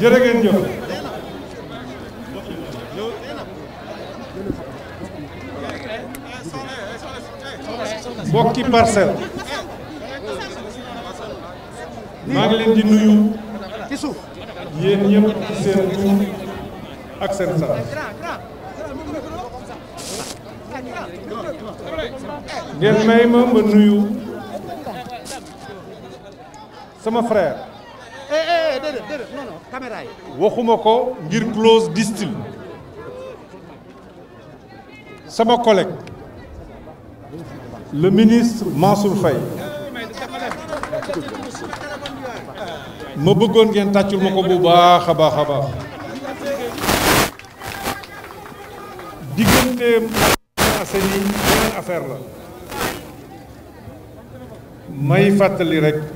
jërë ngeen jëf parcelle maa ngi leen di nuyu yéen ñëpp ci seen tur ak seen sant ngeen may ma ma sama frère waxuma ko ngir close distil sama collègue le ministre Mansour Faye ma bëggoon ngeen tàccul ma ko bu baax a baax a baax affaire la may rek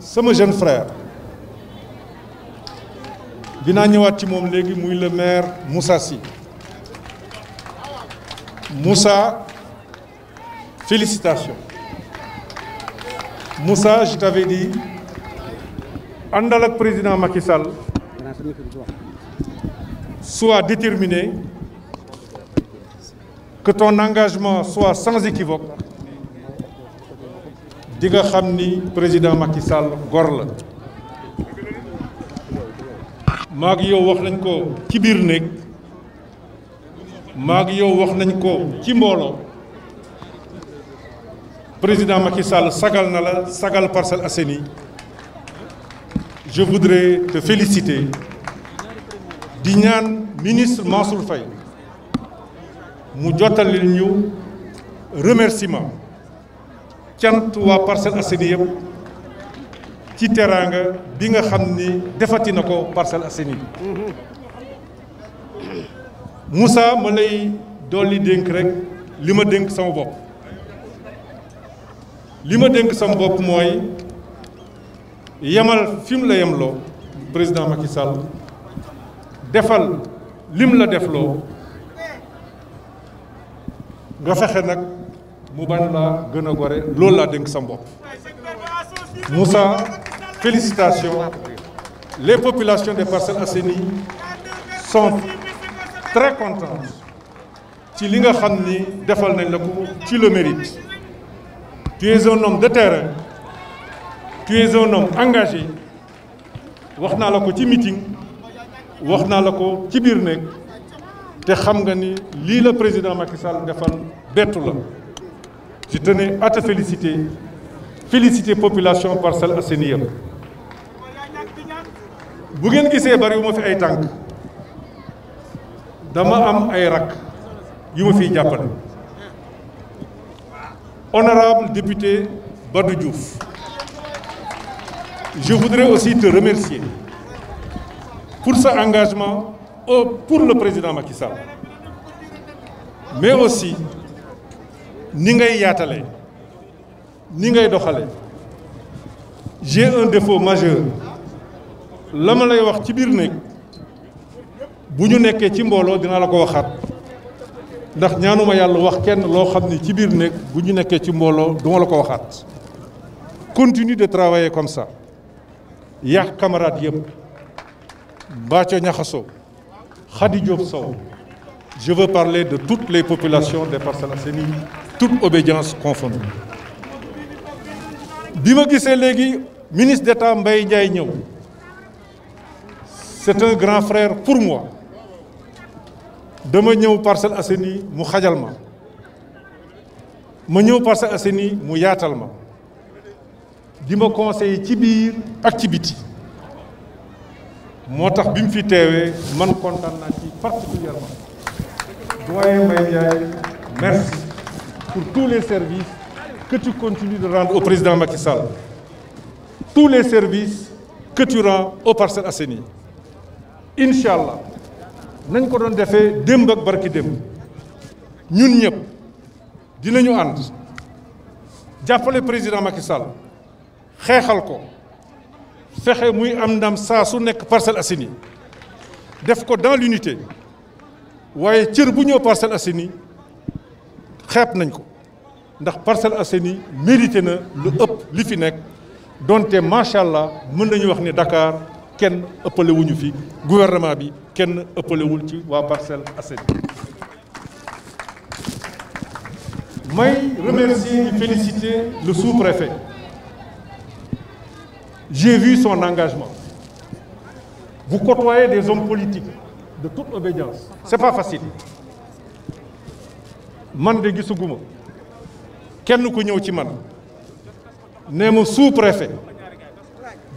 Je mon jeune frère Je ñëwaat le maire Moussa félicitations Moussa je t'avais dit Andalak président Macky sois déterminé que ton engagement soit sans équivoque Diga nga président Makisal Gorla. gor la Kibirnek yow wax Kimolo. président Makisal sagal nala sagal Parcel aseni. je voudrais te féliciter Dignan ministre Mansour Fay. mu jottalil ñu remerciement cant waa Parcelles Assainies yëpp ci teraanga bi nga xam ni defati na ko Parcelles Assainies Moussa ma lay dolli dénk rek li ma dénk sama bopp li ma dénk sama bopp mooy yemal fi mu la yemloo président Macky Sall defal lim la defloo nga fexe nag mu la Moussa félicitations les populations des Parcelles Assainies sont très contentes ci tu le mérites tu es un homme de terrain tu es un homme engagé waxna ci meeting ci xam nga ni le président Macky Sall je tenais à te féliciter, féliciter population par celle à bu ngeen dama honorable député Badou je voudrais aussi te remercier pour cet engagement pour le président Macky Sall mais aussi ni ngay yaatale ni ngay doxale j'ai un défaut majeur la lay wax ci biir nek bu ñu ci mbolo dina la ko waxat ndax ñaanuma yalla wax kenn ci biir nek bu ñu ci duma la ko waxat continue de travailler comme ça yak camarade yeb Mbathio Niakhasso Khady saw je veux parler de toutes les populations des Parcelles Assainies toute obédience confondue bi ma gisee le ministre d'État Mbaye Ndiaye c'est un grand frère pour moi dama ñëw Parcelles Assainies mu xajal ma ma ñëw Parcelles Assainies mu yaatal ma di ma conseiller ci biir ak ci biti moo tax bi mu fi teewee man kontaan naa ci particulièrement doyen Mbaye Ndiaye merci pour tous les services que tu continues de rendre au président Macky Sall. Tous les services que tu rends au Parcelles Assini. Inch'Allah, nous ko Nous avons fait ak barki tous, ñun ñëpp dinañu ànd le président Macky Sall ko muy am ndam sa su Parcelles def ko dans l'unité waye cieur bu Parcelles xeeb nañ ko ndax Parcelles Assainies mérité na lu ëpp li fi nekk donte macha allah mën nañu wax ni Dakar kenn ëppale wuñu fi gouvernement bi kenn wul ci waa Parcelles asseni may remercier et féliciter le sous-préfet j'ai vu son engagement vous côtoyez des hommes politiques de toute obédience c'est pas facile man de gisuguma kenn ku ñew ci man né mo sous-préfet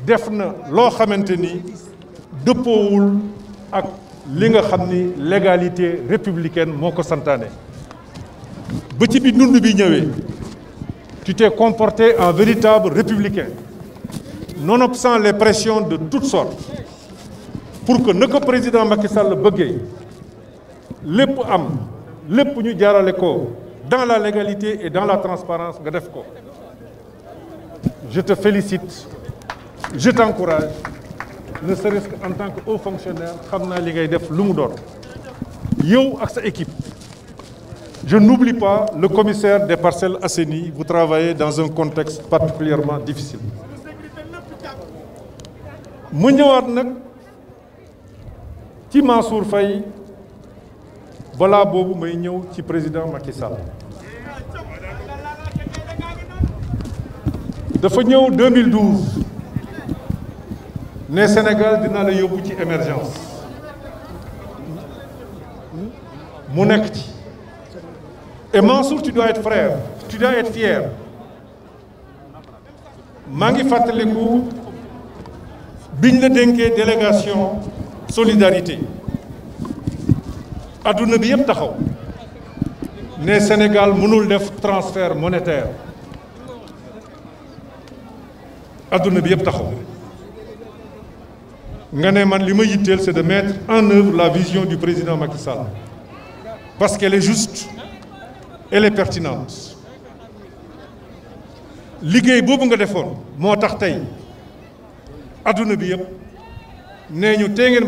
def na ak légalité républicaine moko santané ci bi tu t'es comporté en véritable républicain nonobstant les pressions de toutes sortes pour que notre président Macky Sall le ñu ko dans la légalité et dans la transparence je te félicite je t'encourage ne serait-ce qu'en tant que haut fonctionnaire équipe je n'oublie pas le commissaire des Parcelles Assainies vous travaillez dans un contexte particulièrement difficile mu voilà Bobo may qui président Macky Sall dafa 2012 le Sénégal dina la yóbbu ci émergence mu nekk ci et Mansour tu dois être frère tu dois être fier Mangi ngi fàttaliku la délégation solidarité aduna bi yëpp taxaw ne Sénégal mënul def transfert monétaire aduna bi yëpp taxaw nga ne man li ma c'est de mettre en œuvre la vision du président Macky Sall parce qu'elle est juste elle est pertinente liggéey boobu nga defoon moo tax tey adduna bi yëpp ñu tee ngeen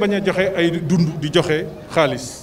ay dund di joxe xaalis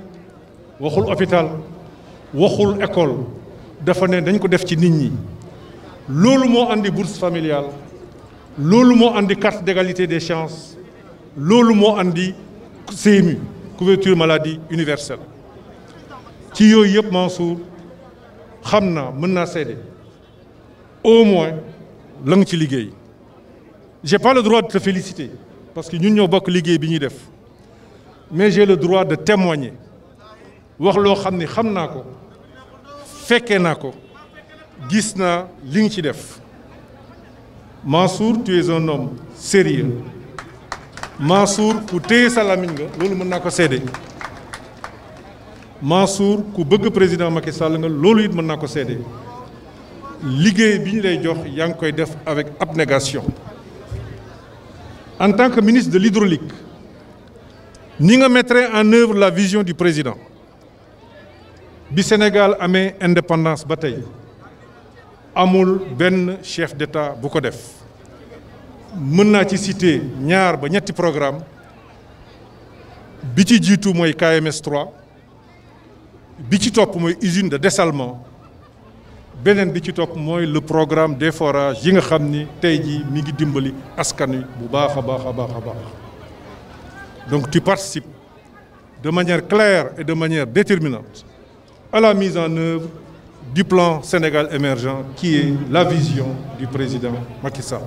waxul hôpital waxul école dafa ne dañ ko def ci nit ñi loolu moo andi bourse familiale loolu moo andi carte d'égalité des chances loolu moo andi CMU couverture maladie universelle ci yooyu yëpp Mansour xam naa mën naa seede au moins la nga ci liggéey j'ai pas le droit de te féliciter parce que ñun ñoo bokk liggéey bi ñuy def mais j'ai le droit de témoigner wax loo xam ne ko gis Mansour tu es un homme sérieux Mansour ku téye sa nga loolu mën naa ko Mansour président Macky Sall nga loolu it mën naa ko avec abnégation en tant que ministre de l'hydraulique ni nga en œuvre la vision du président bi Sénégal amee indépendance ba tey amul benn chef d'État bu ko def mën naa ci citer ñaar ba ñetti programme bi ci jiitu mooy KMS 3 bi ci moi mooy usine de dessalement Benen bi ci topp le programme des forages yi nga migi dimboli askanu jii mi ngi dimbali askan bu donc tu participes de manière claire et de manière déterminante à la mise en œuvre du plan Sénégal émergent qui est la vision du président Macky Sall.